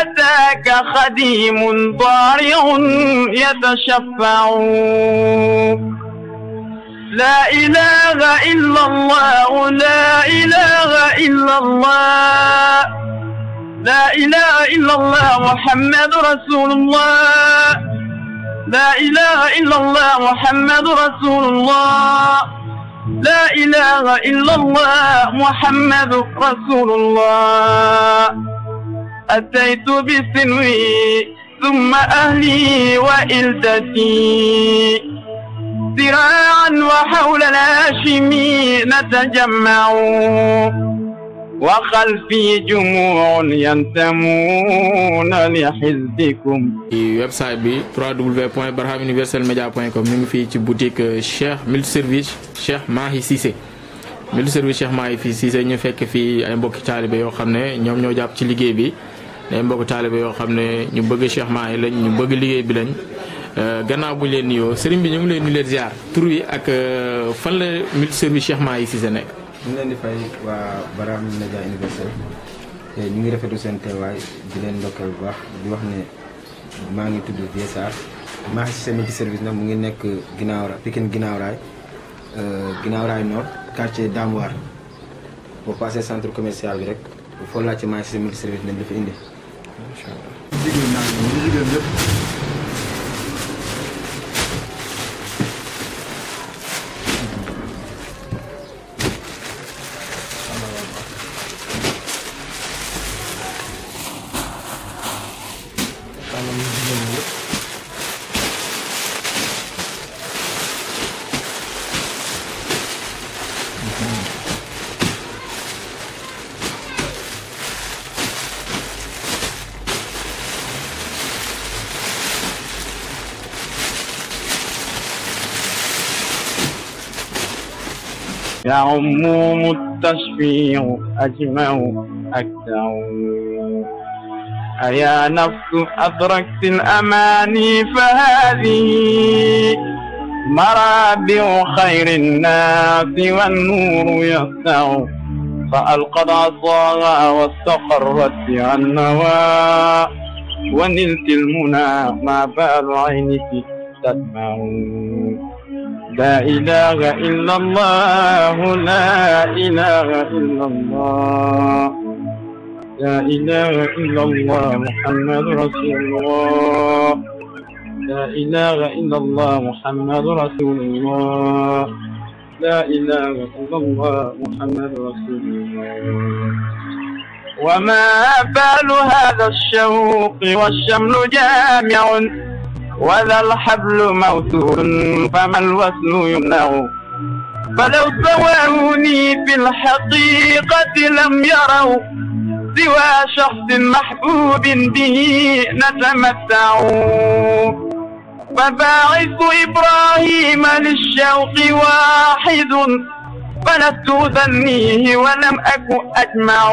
أتاك خديم طارع يتشفع لا إله إلا الله لا إله إلا الله لا إله إلا الله محمد رسول الله لا إله إلا الله محمد رسول الله لا إله إلا الله محمد رسول الله أتيت بسلوي ثم أهلي وإلتتي ذراعا وحول الهاشمي نتجمع وخلفي جموع ينتمون لحزبكم ويب سايت بي www.barhamuniverselmedia.com ñu ngi fii ci boutique euh, Cheikh Multiservice Chex Mahi Cissé Multiservice Chex Mahi fii Cissé ñu fekk fii ay mbokki taalibe yoo xam ne ñoom ñoo jàpp ci liggéey bi ne mbokk taalibe yoo xam ne ñu bëgg Cheikh Mahi lañ ñu bëgg liggéey bi lañ euh, gannaaw bu leen leen yoo seriñ bi ñu ngi leen di leen ziar tur yi ak euh, fan la multiservice Cheikh Mahi Cissé nekk. ñu ngi leen di fay waa Barham Média Universel ñu ngi rafetlu seen teewaay di leen ndokkeel bu baax di wax ne maa ngi tudd Vieux Sarr Mahi Cissé service nag mu ngi nekk ginnaaw ra Pikine ginnaaw raay euh, ginnaaw raay nord quartier Damoir boo passé centre commercial bi rek foo laajte Mahi Cissé multiservice nañ la fa indi. incha allah. jigéen ñaa ngi nii jigéen ñëpp. يعمهم التشفيع أجمع أكثر أيا نفس أدركت الأماني فهذه مرابع خير الناس والنور يسع فألقت عصاها واستقرت بها النوى ونلت المنى ما بال عينك تدمع لا إله إلا الله لا إله إلا الله لا إله إلا الله محمد رسول الله لا إله إلا الله محمد رسول الله لا إله إلا الله محمد رسول الله وما بال هذا الشوق والشمل جامع وذا الحبل موثول فما الوصل يمنع فلو سواني في الحقيقة لم يروا سوى شخص محبوب به نتمتع فباعث إبراهيم للشوق واحد فلست أثنيه ولم أكن أجمع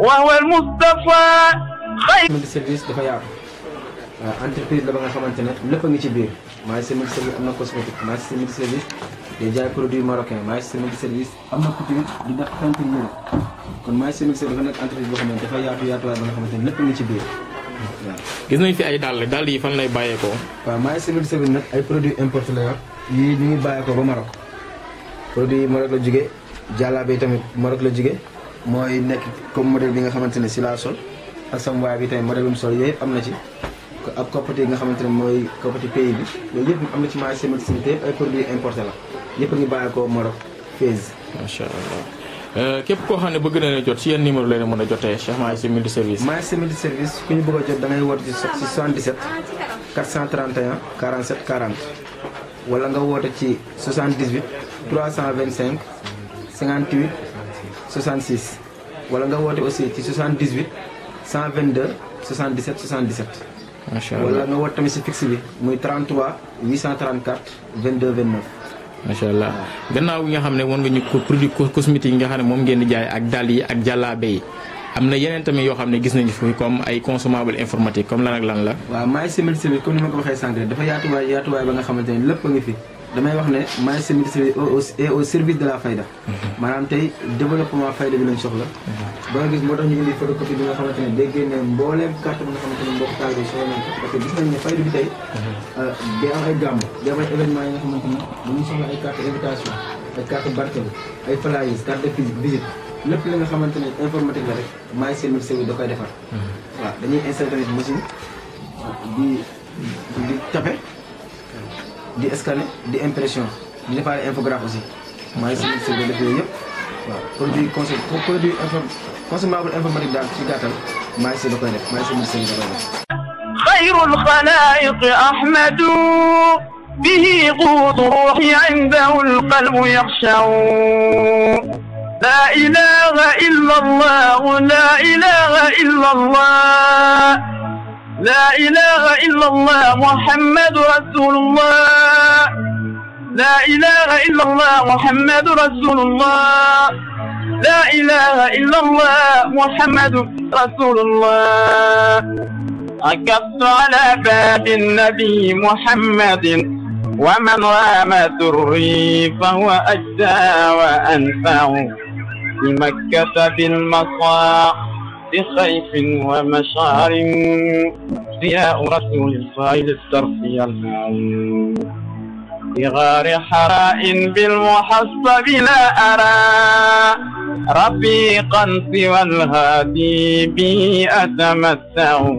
وهو المصطفى خير من السيرفيس دفاع waa euh, entreprise la ba nga xamante ne lépp a ngi ci biir maa ngi si multiservice am na cosmétique maa ngi si multiservice day jaay produit marocain maa ngi am na couture di def peinture yére kon maa ngi si multiservice dafa nekk entreprise boo xam ne dafa yaatu yaatuwaay ba nga xamante ne lépp a ngi ci biir waaw. gis nañ fi ay dàll dàll yi fan lay bàyyeekoo. waaw maa ngi si nag ay produits importés la yor yii ñu ngi bàyyeekoo ba Maroc produit yi Maroc la jugee jàllaabe yi tamit Maroc la jugee mooy nekk comme modèle bi nga xamante ne si laa sol ak sama waay bi tamit sol yooyu yëpp ci ak coppite yi nga xamante ne mooy coppite pays bi yooyu yëpp am na ci marché proximité yëpp ay produits importés la yëpp a ngi bàyyi ko Maroc Fès. macha allah euh, képp koo xam ne bëgg na leen jot si yan numéro la leen mën a jotee Cheikh Mahi sa multi service. Mahi sa multi service ku ñu bëgg a jot da ngay woote ci 77 431 47 40 wala nga woote ci 78 325 58 66 wala nga woote aussi ci 78 122 77 77. macha allah wala nga woote tamit si fixe bi muy 33 834 22 29. macha allah gannaaw gi nga xam ne woon nga ñu produit cosmétique yi nga xam ne moom ngeen di jaay ak dàll yi ak jàllaabe yi am na yeneen tamit yoo xam ne gis nañu fi comme ay consommable informatique comme lan ak lan la. waaw maay simil simil comme ni ma ko waxee sànq dafa yaatuwaay yaatuwaay ba nga xamante ne lépp ngi fi. damay wax ne maay service et au service de la fayda mhm. maanaam tey développement fayda bi lañ soxla mhm. ba nga gis moo tax ñu indi photocopie bi nga xamante ne day génne mbooleem carte bi nga xamante ne mbokk taal bi soxla nañ ko parce que gis nañ ne fayda bi tey mhm. euh, day am nga xamante ne dañuy soxla ay carte invitation ay carte barkelu ay flyers carte de visite lépp li nga xamante ne informatique la rek maay service bi da koy defar waaw dañuy installé tamit machine di di tape di scanner di impression di defaale infographe aussi maa ngi si service def yooyu yëpp waaw produit conseil produit inform consommable informatique daal ci gàttal maa ngi si da koy def maa ngi si ministère da koy def خير الخلائق أحمد به قوت روحي عنده القلب يخشع لا إله إلا الله لا إله إلا الله لا إله إلا الله محمد رسول الله لا إله إلا الله محمد رسول الله لا إله إلا الله محمد رسول الله ركبت على باب النبي محمد ومن رام سري فهو أجزى وأنفع بمكة بالمصاق بخيف ومشعر ضياء رسول صائد الترقي المعين بغار حراء بالمحصب لا أرى رفيقا سوى الهادي بي أتمتع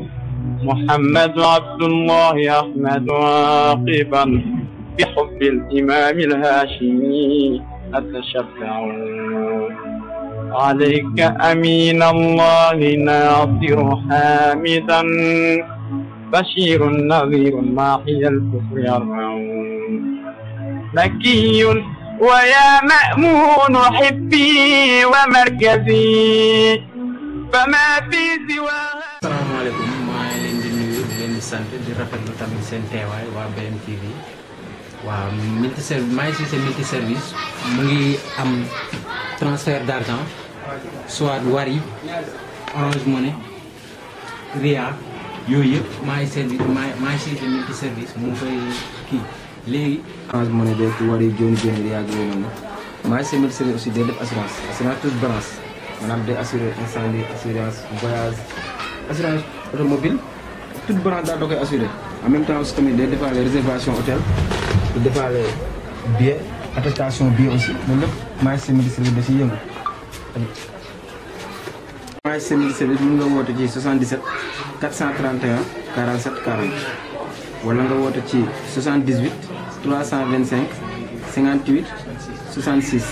محمد عبد الله أحمد عاقبا بحب الإمام الهاشمي أتشبع عليك أمين الله ناصر حامدا بشير نظير ماحي الكفر الرعون مكي ويا مأمون حبي ومركزي فما في سواها السلام عليكم maa ngi leen di nuyu di leen di sant di rafetlu tamit seen teewaay waa BMTV waaw multi service maa ngi si seen multi service mu ngi am transfert d'argent soit Wari Orange Money Ria yooyu yëpp maa ngi service maa maa ngi saisir ñetti service mu koy kii léegi. Orange Money beeg Wari Joni Joni Ria ak yooyu noonu maa ngi service aussi day def assurance assurance toute balance maanaam day assurer incendie assurance voyage assurance automobile toute balance daal da koy assurer en même temps aussi tamit day defaale réservation hôtel di defaale billet. attestation bi aussi loolu lépp magistrat ministre bi da si yëngu tamit. magistrat ministre bi mun nga woote ci 77 431 47 40 wala nga woote ci 78 325 58 66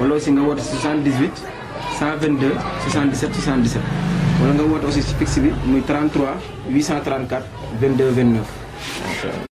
wala aussi nga woote ci 78 122 77 77 wala nga woote aussi ci fixe bi muy 33 834 22 29.